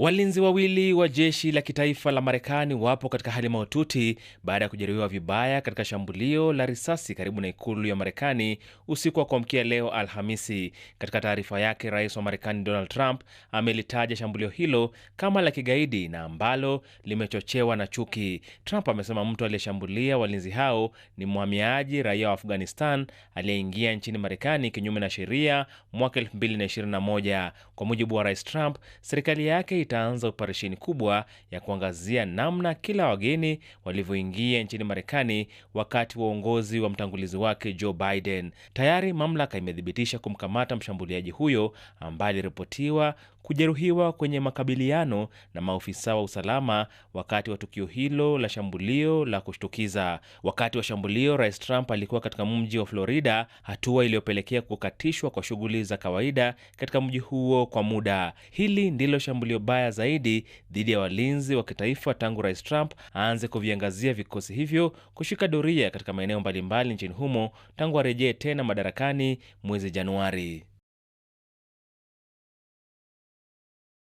Walinzi wawili wa jeshi la kitaifa la Marekani wapo katika hali mahututi baada ya kujeruhiwa vibaya katika shambulio la risasi karibu na ikulu ya Marekani usiku wa kuamkia leo Alhamisi. Katika taarifa yake, rais wa Marekani Donald Trump amelitaja shambulio hilo kama la kigaidi na ambalo limechochewa na chuki. Trump amesema mtu aliyeshambulia walinzi hao ni mhamiaji raia wa Afghanistan aliyeingia nchini Marekani kinyume na sheria mwaka 2021. Kwa mujibu wa rais Trump, serikali yake itaanza operesheni kubwa ya kuangazia namna kila wageni walivyoingia nchini Marekani wakati wa uongozi wa mtangulizi wake Joe Biden. Tayari mamlaka imethibitisha kumkamata mshambuliaji huyo ambaye aliripotiwa kujeruhiwa kwenye makabiliano na maofisa wa usalama wakati wa tukio hilo la shambulio la kushtukiza. Wakati wa shambulio, Rais Trump alikuwa katika mji wa Florida, hatua iliyopelekea kukatishwa kwa shughuli za kawaida katika mji huo kwa muda. Hili ndilo shambulio baya zaidi dhidi ya walinzi wa kitaifa tangu Rais Trump aanze kuviangazia vikosi hivyo kushika doria katika maeneo mbalimbali nchini humo tangu arejee tena madarakani mwezi Januari.